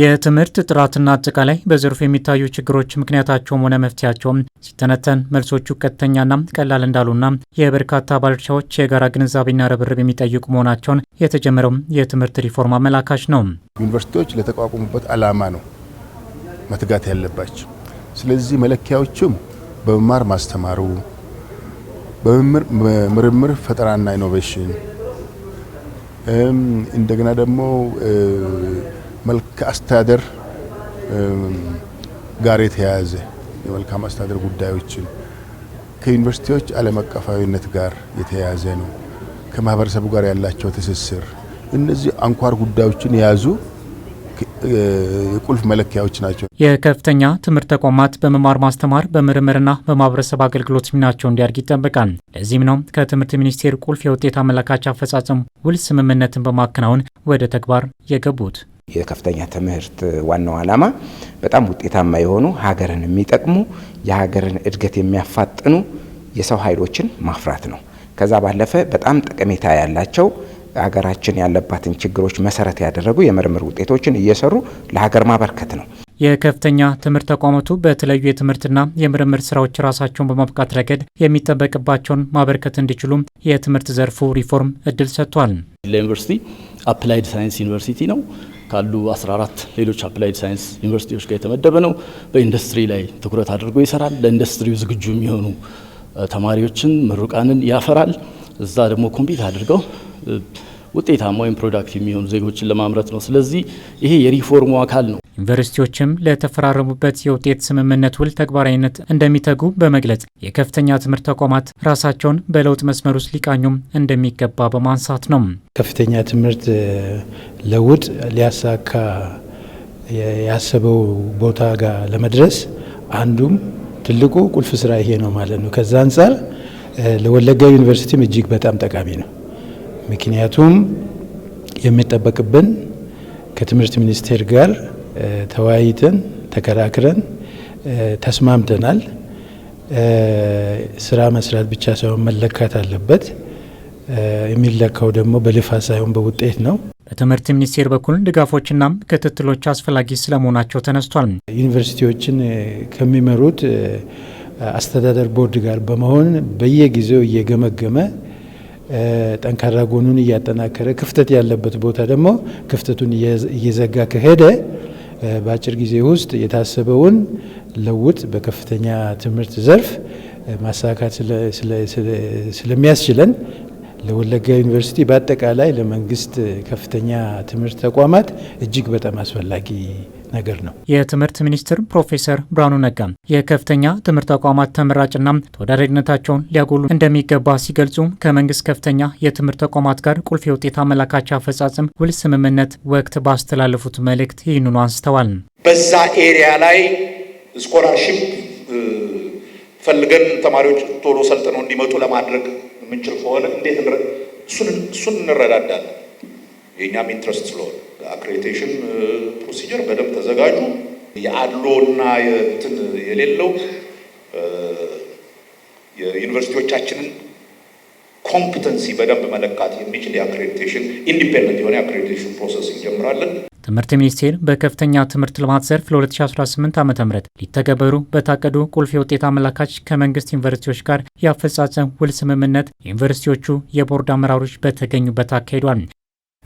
የትምህርት ጥራትና አጠቃላይ በዘርፉ የሚታዩ ችግሮች ምክንያታቸውም ሆነ መፍትሄያቸውም ሲተነተን መልሶቹ ቀጥተኛና ቀላል እንዳሉና የበርካታ ባለድርሻዎች የጋራ ግንዛቤና ርብርብ የሚጠይቁ መሆናቸውን የተጀመረው የትምህርት ሪፎርም አመላካች ነው። ዩኒቨርሲቲዎች ለተቋቋሙበት ዓላማ ነው መትጋት ያለባቸው። ስለዚህ መለኪያዎችም በመማር ማስተማሩ፣ በምርምር ፈጠራና ኢኖቬሽን እንደገና ደግሞ መልክ አስተዳደር ጋር የተያያዘ የመልካም አስተዳደር ጉዳዮችን ከዩኒቨርሲቲዎች ዓለም አቀፋዊነት ጋር የተያያዘ ነው። ከማህበረሰቡ ጋር ያላቸው ትስስር እነዚህ አንኳር ጉዳዮችን የያዙ የቁልፍ መለኪያዎች ናቸው። የከፍተኛ ትምህርት ተቋማት በመማር ማስተማር በምርምርና በማህበረሰብ አገልግሎት ሚናቸው እንዲያድግ ይጠበቃል። ለዚህም ነው ከትምህርት ሚኒስቴር ቁልፍ የውጤት አመላካች አፈጻጸም ውል ስምምነትን በማከናወን ወደ ተግባር የገቡት። የከፍተኛ ትምህርት ዋናው ዓላማ በጣም ውጤታማ የሆኑ ሀገርን የሚጠቅሙ የሀገርን እድገት የሚያፋጥኑ የሰው ኃይሎችን ማፍራት ነው። ከዛ ባለፈ በጣም ጠቀሜታ ያላቸው ሀገራችን ያለባትን ችግሮች መሰረት ያደረጉ የምርምር ውጤቶችን እየሰሩ ለሀገር ማበርከት ነው። የከፍተኛ ትምህርት ተቋማቱ በተለያዩ የትምህርትና የምርምር ስራዎች ራሳቸውን በማብቃት ረገድ የሚጠበቅባቸውን ማበርከት እንዲችሉም የትምህርት ዘርፉ ሪፎርም እድል ሰጥቷል። ለዩኒቨርሲቲ አፕላይድ ሳይንስ ዩኒቨርሲቲ ነው ካሉ 14 ሌሎች አፕላይድ ሳይንስ ዩኒቨርሲቲዎች ጋር የተመደበ ነው። በኢንዱስትሪ ላይ ትኩረት አድርጎ ይሰራል። ለኢንዱስትሪው ዝግጁ የሚሆኑ ተማሪዎችን ምሩቃንን ያፈራል። እዛ ደግሞ ኮምፒት አድርገው ውጤታማ ወይም ፕሮዳክቲቭ የሚሆኑ ዜጎችን ለማምረት ነው። ስለዚህ ይሄ የሪፎርሙ አካል ነው። ዩኒቨርሲቲዎችም ለተፈራረሙበት የውጤት ስምምነት ውል ተግባራዊነት እንደሚተጉ በመግለጽ የከፍተኛ ትምህርት ተቋማት ራሳቸውን በለውጥ መስመር ውስጥ ሊቃኙም እንደሚገባ በማንሳት ነው። ከፍተኛ ትምህርት ለውጥ ሊያሳካ ያሰበው ቦታ ጋር ለመድረስ አንዱም ትልቁ ቁልፍ ስራ ይሄ ነው ማለት ነው። ከዛ አንጻር ለወለጋ ዩኒቨርሲቲም እጅግ በጣም ጠቃሚ ነው። ምክንያቱም የሚጠበቅብን ከትምህርት ሚኒስቴር ጋር ተወያይተን ተከራክረን ተስማምተናል። ስራ መስራት ብቻ ሳይሆን መለካት አለበት። የሚለካው ደግሞ በልፋት ሳይሆን በውጤት ነው። በትምህርት ሚኒስቴር በኩል ድጋፎችና ክትትሎች አስፈላጊ ስለመሆናቸው ተነስቷል። ዩኒቨርሲቲዎችን ከሚመሩት አስተዳደር ቦርድ ጋር በመሆን በየጊዜው እየገመገመ ጠንካራ ጎኑን እያጠናከረ ክፍተት ያለበት ቦታ ደግሞ ክፍተቱን እየዘጋ ከሄደ በአጭር ጊዜ ውስጥ የታሰበውን ለውጥ በከፍተኛ ትምህርት ዘርፍ ማሳካት ስለሚያስችለን ለወለጋ ዩኒቨርሲቲ በአጠቃላይ ለመንግስት ከፍተኛ ትምህርት ተቋማት እጅግ በጣም አስፈላጊ ነገር ነው። የትምህርት ሚኒስትር ፕሮፌሰር ብርሃኑ ነጋ የከፍተኛ ትምህርት ተቋማት ተመራጭና ተወዳዳሪነታቸውን ሊያጎሉ እንደሚገባ ሲገልጹ ከመንግስት ከፍተኛ የትምህርት ተቋማት ጋር ቁልፍ የውጤት አመላካች አፈጻጽም ውል ስምምነት ወቅት ባስተላለፉት መልእክት ይህንኑ አንስተዋል። በዛ ኤሪያ ላይ ስኮላርሽፕ ፈልገን ተማሪዎች ቶሎ ሰልጥነው እንዲመጡ ለማድረግ የምንችል ከሆነ እንዴት እሱን እንረዳዳለን የእኛም ኢንትረስት ስለሆነ አክሬዲቴሽን ፕሮሲጀር በደንብ ተዘጋጁ። የአድሎ እና የሌለው የዩኒቨርሲቲዎቻችንን ኮምፕተንሲ በደንብ መለካት የሚችል የአክሬዲቴሽን ኢንዲፔንደንት የሆነ የአክሬዲቴሽን ፕሮሰስ እንጀምራለን። ትምህርት ሚኒስቴር በከፍተኛ ትምህርት ልማት ዘርፍ ለ2018 ዓ ም ሊተገበሩ በታቀዱ ቁልፍ የውጤት አመላካች ከመንግስት ዩኒቨርሲቲዎች ጋር የአፈጻጸም ውል ስምምነት ዩኒቨርሲቲዎቹ የቦርድ አመራሮች በተገኙበት አካሂዷል።